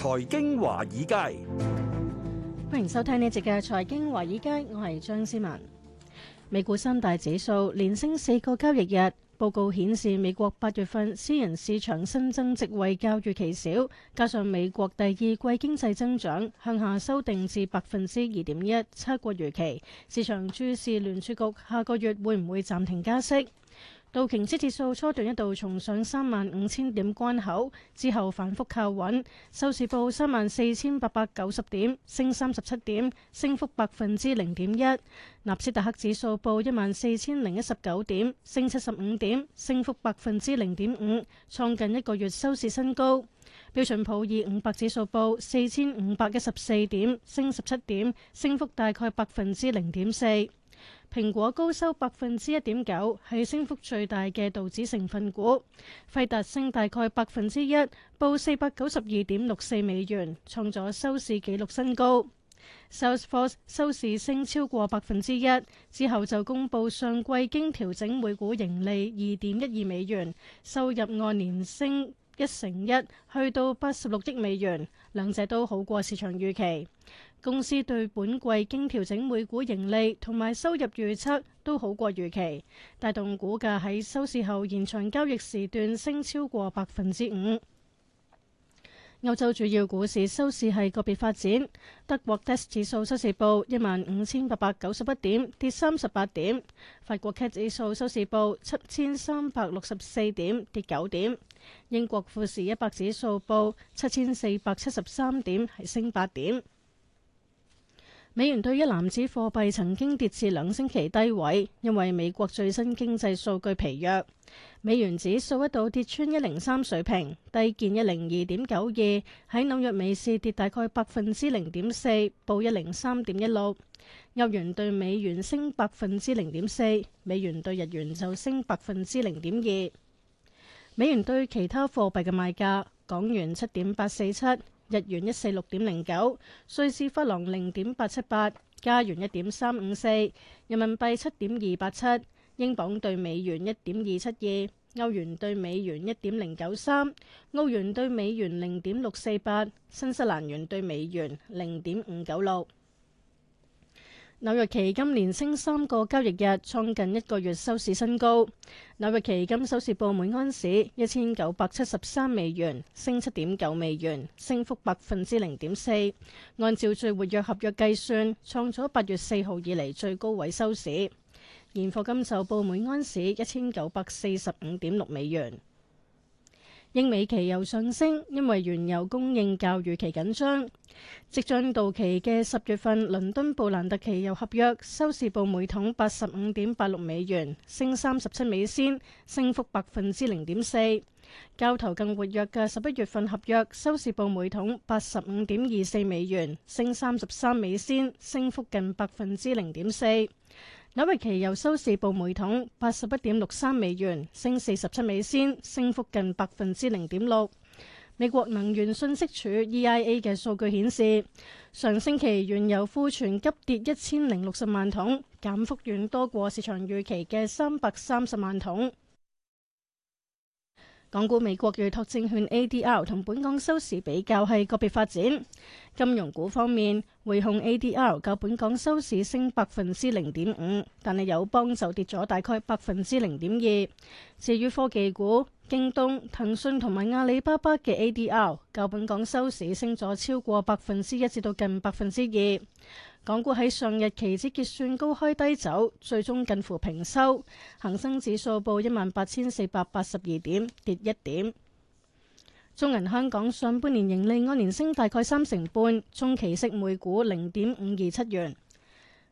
財經華爾街，歡迎收聽呢一節嘅財經華爾街。我係張思文。美股三大指數連升四個交易日。報告顯示，美國八月份私人市場新增職位較預期少，加上美國第二季經濟增長向下修訂至百分之二點一，差過預期。市場注視聯儲局下個月會唔會暫停加息。道瓊斯指數初段一度重上三萬五千點關口，之後反覆靠穩，收市報三萬四千八百九十點，升三十七點，升幅百分之零點一。納斯達克指數報一萬四千零一十九點，升七十五點，升幅百分之零點五，創近一個月收市新高。標準普爾五百指數報四千五百一十四點，升十七點，升幅大概百分之零點四。蘋果高收百分之一點九，係升幅最大嘅道指成分股。費達升大概百分之一，報四百九十二點六四美元，創咗收市紀錄新高。Salesforce 收市升超過百分之一，之後就公布上季經調整每股盈利二點一二美元，收入按年升。一成一去到八十六億美元，兩隻都好過市場預期。公司對本季經調整每股盈利同埋收入預測都好過預期，帶動股價喺收市後延長交易時段升超過百分之五。歐洲主要股市收市係個別發展，德國 DAX 指數收市報一萬五千八百九十一點，跌三十八點；法國 CAC 指數收市報七千三百六十四點，跌九點；英國富時一百指數報七千四百七十三點，係升八點。美元兌一籃子貨幣曾經跌至兩星期低位，因為美國最新經濟數據疲弱。美元指數一度跌穿一零三水平，低見一零二點九二，喺紐約美市跌大概百分之零點四，報一零三點一六。歐元對美元升百分之零點四，美元對日元就升百分之零點二。美元對其他貨幣嘅賣價，港元七點八四七。日元一四六點零九，瑞士法郎零點八七八，加元一點三五四，人民幣七點二八七，英鎊兌美元一點二七二，歐元兌美元一點零九三，澳元兌美元零點六四八，新西蘭元兌美元零點五九六。紐約期金連升三個交易日，創近一個月收市新高。紐約期金收市報每安士一千九百七十三美元，升七點九美元，升幅百分之零點四。按照最活躍合約計算，創咗八月四號以嚟最高位收市。現貨金就報每安士一千九百四十五點六美元。英美期油上升，因為原油供應較預期緊張。即將到期嘅十月份倫敦布蘭特期油合約收市報每桶八十五點八六美元，升三十七美仙，升幅百分之零點四。交投更活躍嘅十一月份合約收市報每桶八十五點二四美元，升三十三美仙，升幅近百分之零點四。紐約期油收市報每桶八十一點六三美元，升四十七美仙，升幅近百分之零點六。美國能源信息署 EIA 嘅數據顯示，上星期原油庫存急跌一千零六十萬桶，減幅遠多過市場預期嘅三百三十萬桶。港股、美國預託證券 A D R 同本港收市比較係個別發展。金融股方面，匯控 A D R 較本港收市升百分之零點五，但係友邦就跌咗大概百分之零點二。至於科技股，京東、騰訊同埋阿里巴巴嘅 A D R 較本港收市升咗超過百分之一至到近百分之二。港股喺上日期指結算高開低走，最終近乎平收。恒生指數報一萬八千四百八十二點，跌一點。中銀香港上半年盈利按年升大概三成半，中期息每股零點五二七元。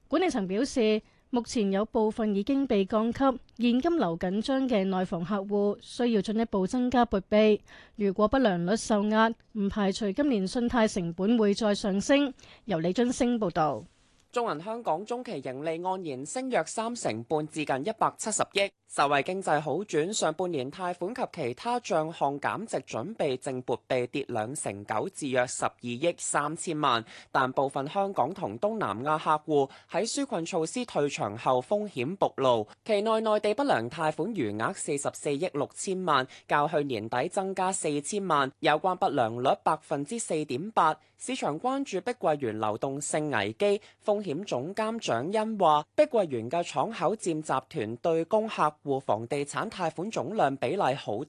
管理層表示。目前有部分已經被降級，現金流緊張嘅內房客戶需要進一步增加撥備。如果不良率受壓，唔排除今年信貸成本會再上升。由李津升報導。中銀香港中期盈利按年升約三成半，至近一百七十億。受惠經濟好轉，上半年貸款及其他賬項減值準備淨撥備跌兩成九，至約十二億三千萬。但部分香港同東南亞客戶喺紓困措施退場後風險暴露，期內內地不良貸款餘額四十四億六千萬，較去年底增加四千萬。有關不良率百分之四點八。市場關注碧桂園流動性危機，風險總監蔣欣話：碧桂園嘅敞口佔集團對公客。戶房地產貸款總量比例好低，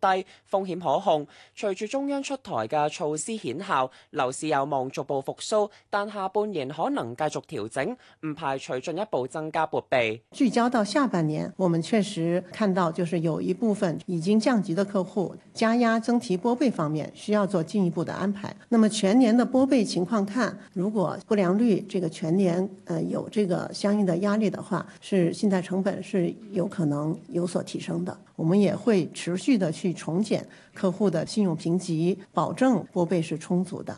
風險可控。隨住中央出台嘅措施顯效，樓市有望逐步復甦，但下半年可能繼續調整，唔排除進一步增加撥備。聚焦到下半年，我們確實看到就是有一部分已經降級的客戶，加壓增提撥備方面需要做進一步的安排。那麼全年的撥備情況看，如果不良率這個全年呃有這個相應的壓力的話，是信貸成本是有可能。有所提升的，我們也會持續的去重檢客戶的信用評級，保證撥備是充足的。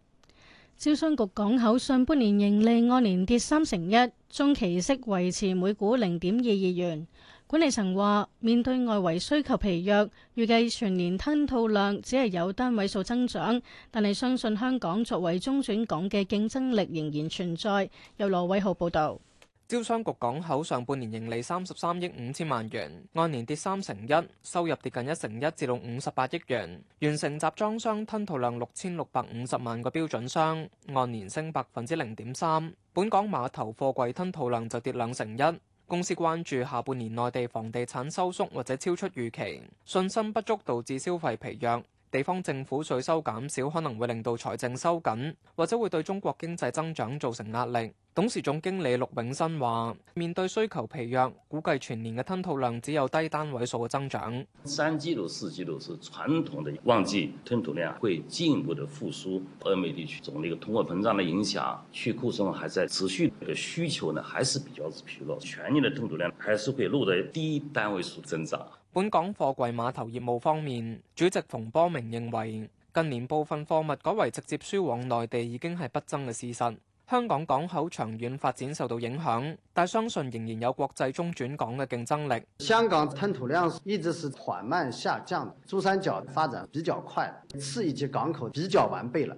招商局港口上半年盈利按年跌三成一，中期息維持每股零點二二元。管理層話，面對外圍需求疲弱，預計全年吞吐量只係有單位數增長，但係相信香港作為中轉港嘅競爭力仍然存在。由羅偉豪報道。招商局港口上半年盈利三十三億五千萬元，按年跌三成一，收入跌近一成一，至到五十八億元，完成集裝箱吞吐量六千六百五十萬個標準箱，按年升百分之零點三。本港碼頭貨櫃吞吐量就跌兩成一。公司關注下半年內地房地產收縮或者超出預期，信心不足導致消費疲弱。地方政府稅收減少可能會令到財政收緊，或者會對中國經濟增長造成壓力。董事總經理陸永新話：面對需求疲弱，估計全年嘅吞吐量只有低單位數嘅增長。三季度、四季度是傳統的旺季，吞吐量會進一步的復甦。歐美地區受呢個通貨膨脹嘅影響，去庫存還在持續，這個、需求呢還是比較疲弱，全年的吞吐量還是會落在低單位數增長。本港貨櫃碼頭業務方面，主席馮波明認為近年部分貨物改為直接輸往內地已經係不爭嘅事實，香港港口長遠發展受到影響，但相信仍然有國際中轉港嘅競爭力。香港吞吐量一直是緩慢下降，珠三角發展比較快，次一級港口比較完備了。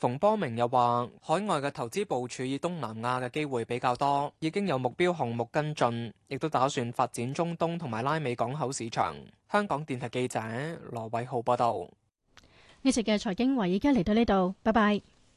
馮波明又話，海外嘅投資部署以東南亞嘅機會比較多，已經有目標項目跟進，亦都打算發展中東同埋拉美港口市場。香港電台記者羅偉浩報道。呢節嘅財經華爾街，而家嚟到呢度，拜拜。